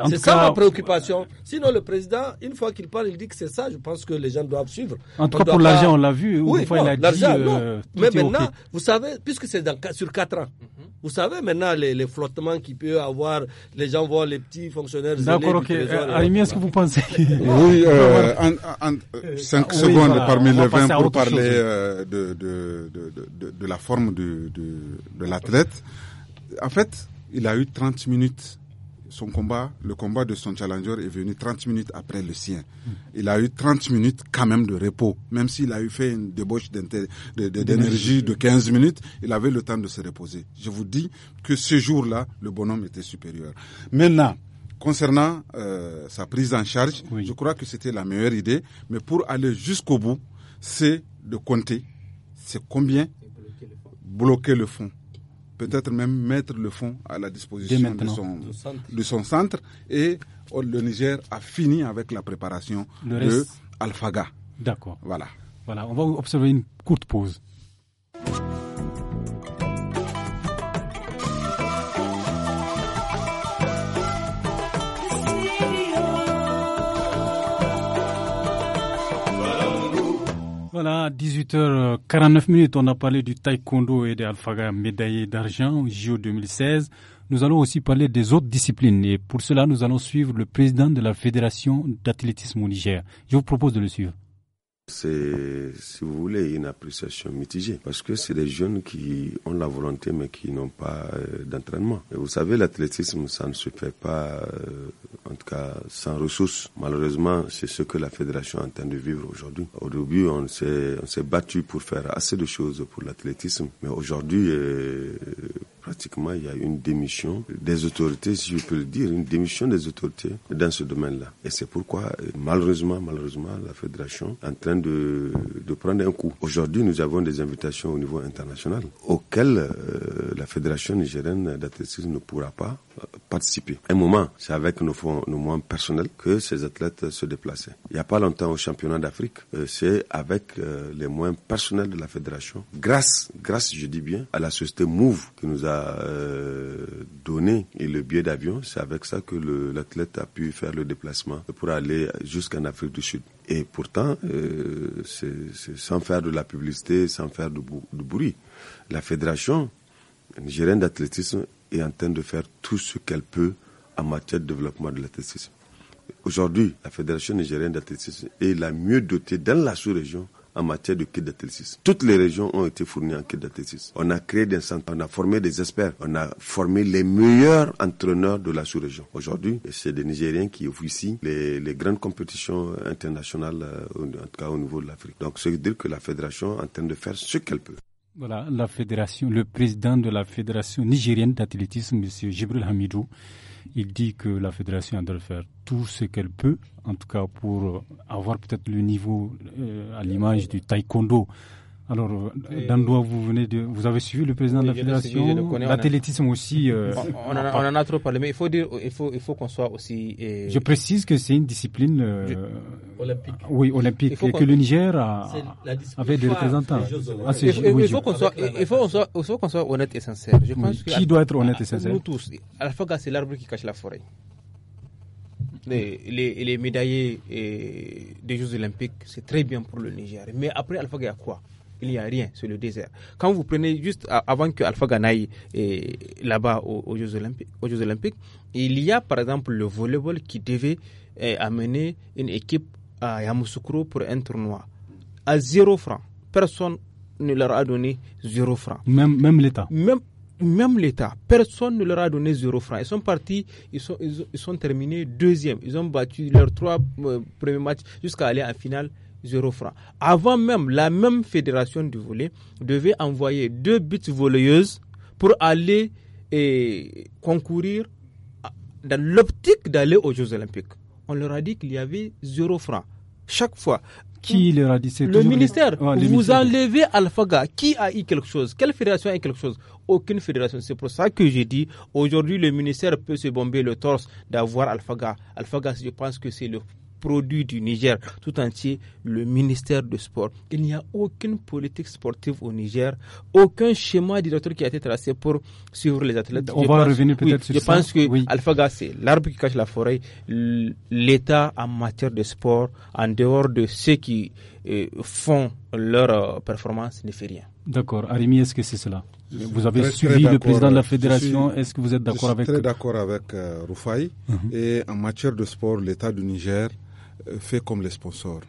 C'est ça ma préoccupation. Sinon, le président, une fois qu'il parle, il dit que c'est ça. Je pense que les gens doivent suivre pour l'argent, on l'a vu. Oui, euh, Mais maintenant, vous savez, puisque c'est dans, sur 4 ans, mhm. vous savez maintenant les, flottements qu'il peut avoir, les gens voient les petits fonctionnaires. D'accord, ok. Euh, Aimi, est-ce que vous pensez Oui, euh, en, 5 secondes parmi les 20 pour parler euh, de, de, de, de, la forme de, de l'athlète. En fait, il a eu 30 minutes son combat, le combat de son challenger est venu 30 minutes après le sien. Il a eu 30 minutes quand même de repos. Même s'il a eu fait une débauche d'énergie de 15 minutes, il avait le temps de se reposer. Je vous dis que ce jour-là, le bonhomme était supérieur. Maintenant, concernant euh, sa prise en charge, je crois que c'était la meilleure idée. Mais pour aller jusqu'au bout, c'est de compter. C'est combien bloquer le, fond peut-être même mettre le fonds à la disposition de son, de, centre. son, centre. Et oh, le Niger a fini avec la préparation de Alphaga. D'accord. Voilà. Voilà, on va observer une courte pause. Voilà, 18h49 minutes, on a parlé du taekwondo et des Alphaga médaillés d'argent, JO 2016. Nous allons aussi parler des autres disciplines et pour cela, nous allons suivre le président de la Fédération d'athlétisme au Niger. Je vous propose de le suivre. C'est, si vous voulez, une appréciation mitigée, parce que c'est des jeunes qui ont la volonté mais qui n'ont pas euh, d'entraînement. Et vous savez, l'athlétisme, ça ne se fait pas, euh, en tout cas, sans ressources. Malheureusement, c'est ce que la fédération est en train de vivre aujourd'hui. Au début, on s'est, on s'est battu pour faire assez de choses pour l'athlétisme, mais aujourd'hui, euh, pratiquement il y a une démission des autorités, si je peux le dire, une démission des autorités dans ce domaine-là. Et c'est pourquoi, malheureusement, malheureusement, la fédération est en train de, de prendre un coup. Aujourd'hui, nous avons des invitations au niveau international auxquelles euh, la fédération nigérienne d'athlétisme ne pourra pas participer. un moment, c'est avec nos, fonds, nos moyens personnels que ces athlètes euh, se déplaçaient. Il n'y a pas longtemps au championnat d'Afrique, euh, c'est avec euh, les moyens personnels de la fédération, grâce, grâce, je dis bien, à la société Move qui nous a donné et le billet d'avion. C'est avec ça que l'athlète a pu faire le déplacement pour aller jusqu'en Afrique du Sud. Et pourtant, c'est sans faire de la publicité, sans faire de, de bruit. La fédération nigérienne d'athlétisme est en train de faire tout ce qu'elle peut en matière de développement de l'athlétisme. Aujourd'hui, la Fédération nigérienne d'athlétisme est la mieux dotée dans la sous-région en matière de kit d'athlétisme. Toutes les régions ont été fournies en kit d'athlétisme. On a créé des centres, on a formé des experts, on a formé les meilleurs entraîneurs de la sous-région. Aujourd'hui, c'est des Nigériens qui officient les, les grandes compétitions internationales, euh, en tout cas au niveau de l'Afrique. Donc, c'est dire que la fédération est en train de faire ce qu'elle peut. Voilà, la fédération, le président de la fédération nigérienne d'athlétisme, M. Jibril Hamidou, il dit que la fédération doit faire tout ce qu'elle peut, en tout cas pour avoir peut-être le niveau euh, à l'image du taekwondo alors, euh, euh, d'endroit vous venez de, vous avez suivi le président de la fédération, l'athlétisme aussi. on, en a, trop parlé, mais il faut dire, il faut, il faut qu'on soit aussi. Euh, je précise que c'est une discipline olympique. Oui, olympique et que le Niger a, avait des représentants. il, faut, qu'on soit, honnête et sincère. qui doit être honnête et sincère Nous tous. Alpha c'est l'arbre qui cache la forêt. Les, les, médaillés des Jeux Olympiques, c'est très bien pour le Niger. Mais après Alpha il y a quoi il n'y a rien, sur le désert. Quand vous prenez juste avant que Alpha aille eh, là-bas aux, Jeux Olympiques, aux Jeux Olympiques, il y a par exemple le volleyball qui devait eh, amener une équipe à Yamoussoukro pour un tournoi à zéro franc. Personne ne leur a donné zéro franc. Même, même l'État. Même, même l'État, personne ne leur a donné zéro franc. Ils sont partis, ils sont, ils, terminés deuxième. Ils ont battu leurs trois euh, premiers matchs jusqu'à aller en finale zéro francs. Avant même, la même fédération du volet devait envoyer deux buts voleuses pour aller et concourir dans l'optique d'aller aux Jeux Olympiques. On leur a dit qu'il y avait zéro francs. Chaque fois. Qui leur a dit c'est Le ministère. vous enlevez Alphaga. Qui a eu quelque chose Quelle fédération a eu quelque chose Aucune fédération. C'est pour ça que j'ai dit aujourd'hui, le ministère peut se bomber le torse d'avoir Alphaga. Alphaga, je pense que c'est le produit du Niger tout entier, le ministère de sport. Il n'y a aucune politique sportive au Niger, aucun schéma directeur qui a été tracé pour suivre les athlètes. On va revenir peut-être sur je ça. Je pense que Alpha c'est l'arbre qui cache la forêt. L'État en matière de sport, en dehors de ceux qui euh, font leur euh, performance, ne fait rien. D'accord. Arimi, est-ce que c'est cela vous avez suivi le président de la fédération. Est-ce que vous êtes d'accord avec Je suis très d'accord avec euh, mhm. Et en matière de sport, l'État du Niger fait comme les sponsors,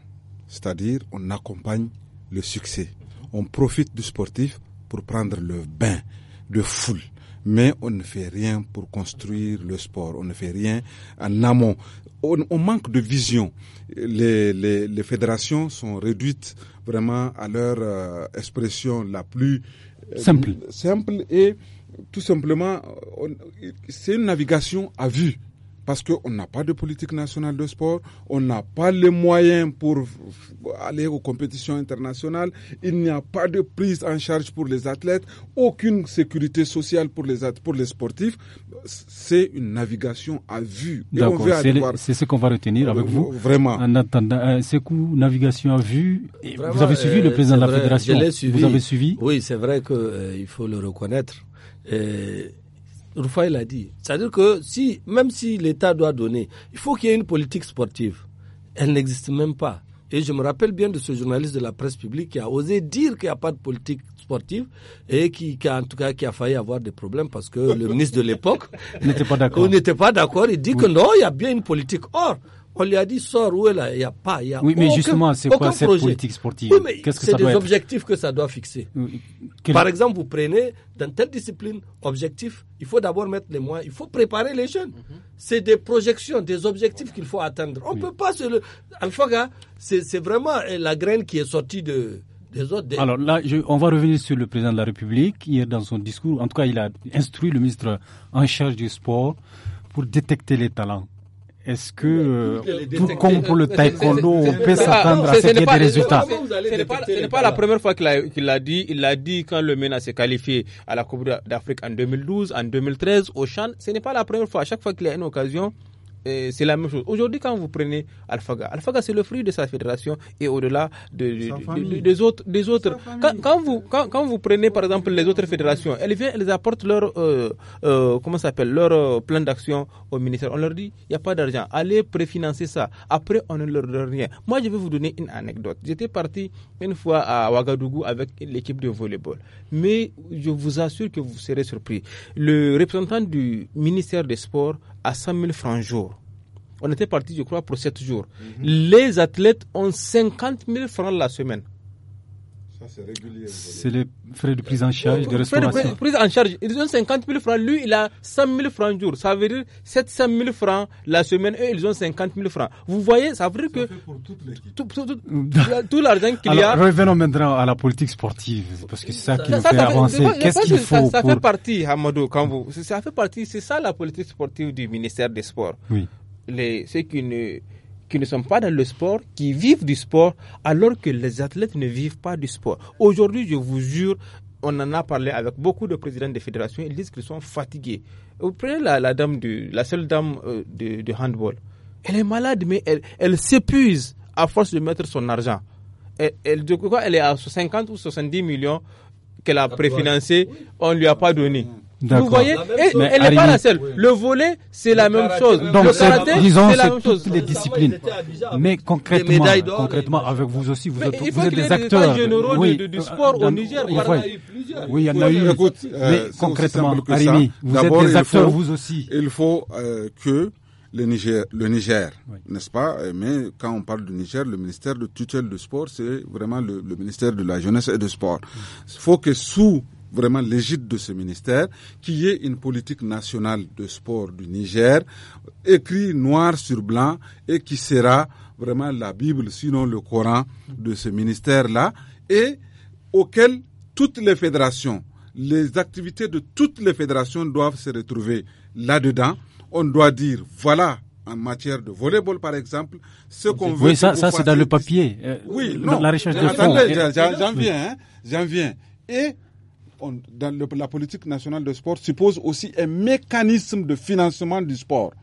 c'est-à-dire on accompagne le succès. On profite du sportif pour prendre le bain de foule. Mais on ne fait rien pour construire le sport, on ne fait rien en amont. On, manque de vision. Les, les, fédérations sont réduites vraiment à leur euh, expression la plus euh, simple. simple et tout simplement, c'est une navigation à vue parce qu'on n'a pas de politique nationale de sport, on n'a pas les moyens pour aller aux compétitions internationales, il n'y a pas de prise en charge pour les athlètes, aucune sécurité sociale pour les, sportifs. C'est une navigation à vue. c'est ce qu'on va retenir avec euh, vous. Vraiment. En attendant, euh, c'est navigation à vue. vous avez suivi euh, le président de la fédération. Vous avez suivi. Oui, c'est vrai qu'il faut le reconnaître. Rufai l'a dit. C'est-à-dire que si, même si l'État doit donner, il faut qu'il y ait une politique sportive. Elle n'existe même pas. Et je me rappelle bien de ce journaliste de la presse publique qui a osé dire qu'il n'y a pas de politique sportive et qui, a, en tout cas, qui a failli avoir des problèmes parce que le ministre de l'époque n'était pas d'accord. n'était pas d'accord. Il dit que non, il y a bien une politique. Or, on lui a dit sort où est là Il n'y a pas. Y a oui, mais justement, c'est quoi cette politique sportive que C'est des objectifs que ça doit fixer. Par exemple, vous prenez dans telle discipline, objectif, il faut d'abord mettre les moyens, il faut préparer les jeunes. Mhm. C'est des projections, des objectifs qu'il faut atteindre. On ne peut pas se. Le... Hein, c'est vraiment euh, la graine qui est sortie de, des autres, Alors là, on va revenir sur le président de la République. Hier, dans son discours, en tout cas, il a instruit le ministre en charge du sport pour détecter les talents. Est-ce que, euh, tout comme pour le taekwondo, on peut s'attendre à ce qu'il y ait des résultats Ce n'est pas la première fois qu'il l'a dit. Il l'a dit quand le MENA s'est qualifié à la Coupe d'Afrique en 2012, en 2013, au Chan. Ce n'est pas la première fois. À chaque fois qu'il y a une occasion, c'est la même chose. Aujourd'hui, quand vous prenez Alphaga, Alphaga, c'est le fruit de sa fédération et au-delà de, des autres. Des autres. Quand, vous, quand, quand, vous prenez, par exemple, les autres fédérations, elles viennent, elles apportent leur, euh, euh, comment s'appelle, leur euh, plan d'action au ministère. On leur dit, il n'y a pas d'argent, allez préfinancer ça. Après, on ne leur donne rien. Moi, je vais vous donner une anecdote. J'étais parti une fois à Ouagadougou avec l'équipe de volleyball. Mais je vous assure que vous serez surpris. Le représentant du ministère des Sports à 100 000 francs jour. On était parti, je crois, pour 7 jours. Mhm. Les athlètes ont 50 000 francs la semaine. C'est les frais de prise en charge de restauration. Frais de prise en charge. Ils ont 50 000 francs. Lui, il a 100 000 francs jour. Ça veut dire 700 000 francs la semaine. Eux, ils ont 50 000 francs. Vous voyez, ça veut dire que tout, l'argent qu'il y a. Revenons maintenant à la politique sportive, parce que c'est ça qui nous fait, avancer. Qu'est-ce qu'il faut Ça, fait partie, Hamadou, quand vous, ça fait partie. C'est ça la politique sportive du ministère des Sports. Oui. Les, ceux qui qui ne sont pas dans le sport, qui vivent du sport, alors que les athlètes ne vivent pas du sport. Aujourd'hui, je vous jure, on en a parlé avec beaucoup de présidents des fédérations, ils disent qu'ils sont fatigués. Vous prenez la, dame du, la seule dame euh, de, handball. Elle est malade, mais elle, elle s'épuise à force de mettre son argent. Elle, de quoi elle est à 50 ou 70 millions qu'elle a préfinancé, on ne lui a pas ah, donné. Vous voyez Et, eh, Elle n'est pas la seule. Le volet, c'est la même chose. Donc, le karaté, disons, c'est la même chose. les disciplines. Mais concrètement, concrètement avec vous aussi, vous êtes, vous êtes des acteurs. généraux oui. du, euh, sport au euh, Niger. Il oui, il y en a eu. Écoute, euh, mais concrètement, Arimi, vous êtes des acteurs, vous aussi. Il faut que le Niger, le Niger n'est-ce pas Mais quand on parle du Niger, le ministère de tutelle du sport, c'est vraiment le, le, ministère de la jeunesse et du sport. Il faut que sous vraiment l'égide de ce ministère, qui est une politique nationale de sport du Niger, écrit noir sur blanc et qui sera vraiment la Bible, sinon le Coran de ce ministère-là, et auquel toutes les fédérations, les activités de toutes les fédérations doivent se retrouver là-dedans. On doit dire, voilà en matière de volleyball, par exemple, ce qu'on veut. ça, c'est dans le papier. Euh, oui, La recherche de Attendez, j'en viens, hein. j'en viens. Et dans la politique nationale de sport suppose aussi un mécanisme de financement du sport.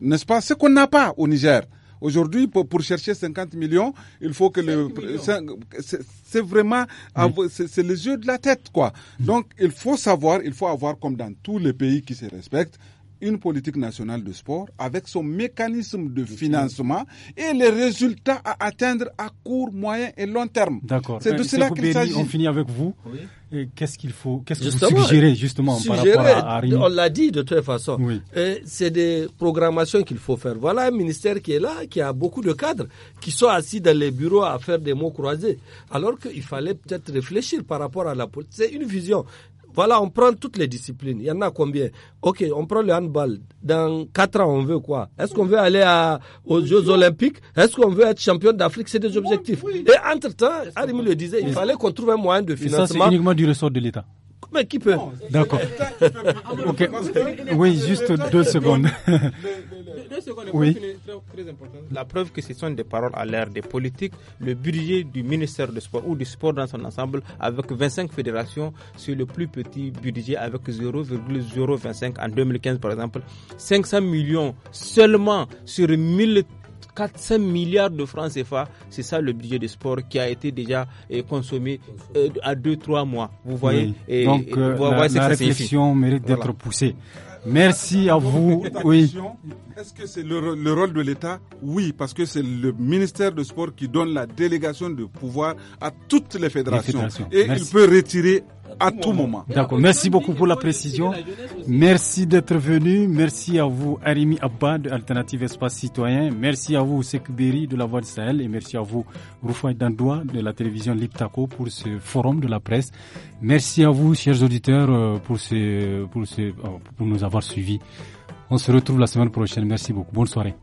N'est-ce pas Ce qu'on n'a pas au Niger. Aujourd'hui, pour, chercher 50 millions, il faut que le. C'est vraiment. C'est les yeux de la tête, quoi. Donc, il faut savoir, il faut avoir, comme dans tous les pays qui se respectent, une politique nationale de sport avec son mécanisme de financement et les résultats à atteindre à court, moyen et long terme. D'accord. C'est de euh, cela qu'il s'agit. On finit avec vous. Qu'est-ce qu'il faut, qu'est-ce que vous suggérez justement par rapport à, On l'a dit de toute façon. Euh, c'est des programmations qu'il faut faire. Voilà un ministère qui est là, qui a beaucoup de cadres, qui sont assis dans les bureaux à faire des mots croisés, alors qu'il fallait peut-être réfléchir par rapport à la politique. C'est une vision. Voilà, on prend toutes les disciplines. Il y en a combien Ok, on prend le handball. Dans quatre ans, on veut quoi Est-ce qu'on veut aller aux Jeux Olympiques Est-ce qu'on veut être champion d'Afrique C'est des objectifs. Et entre-temps, Arimi le disait, il fallait qu'on trouve un moyen de financement. ça, c'est uniquement du ressort de l'État. Mais qui peut D'accord. Oui, juste deux secondes. Oui. La preuve que ce sont des paroles à l'air des politiques. Le budget du ministère du Sport ou du sport dans son ensemble, avec 25 fédérations, sur le plus petit budget avec 0,025 en 2015 par exemple. 500 millions seulement sur 1000 400 milliards de francs CFA, c'est ça le budget de sport qui a été déjà eh, consommé euh, à 2-3 mois. Vous voyez et, Donc, euh, la, réflexion mérite d'être poussée. Merci à vous. Est-ce que c'est le, rôle de l'État Oui, parce que c'est le ministère de Sport qui donne la délégation de pouvoir à toutes les fédérations. Et il peut retirer à tout moment. D'accord. Merci beaucoup pour la précision. Merci d'être venu. Merci à vous, Arimi Abba de Alternative Espace Citoyen. Merci à vous, Sekberi de la Voix de Sahel. Et merci à vous, Rufai Dandoua de la télévision Liptako pour ce forum de la presse. Merci à vous, chers auditeurs, euh, pour, pour, euh, pour nous avoir suivis. On se retrouve la semaine prochaine. Merci beaucoup. Bonne soirée.